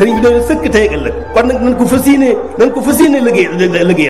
sëriñ bi dañu sëkk tey ëllëg kon nañ ko fas yéene nañ ko fas yéene liggéey liggéey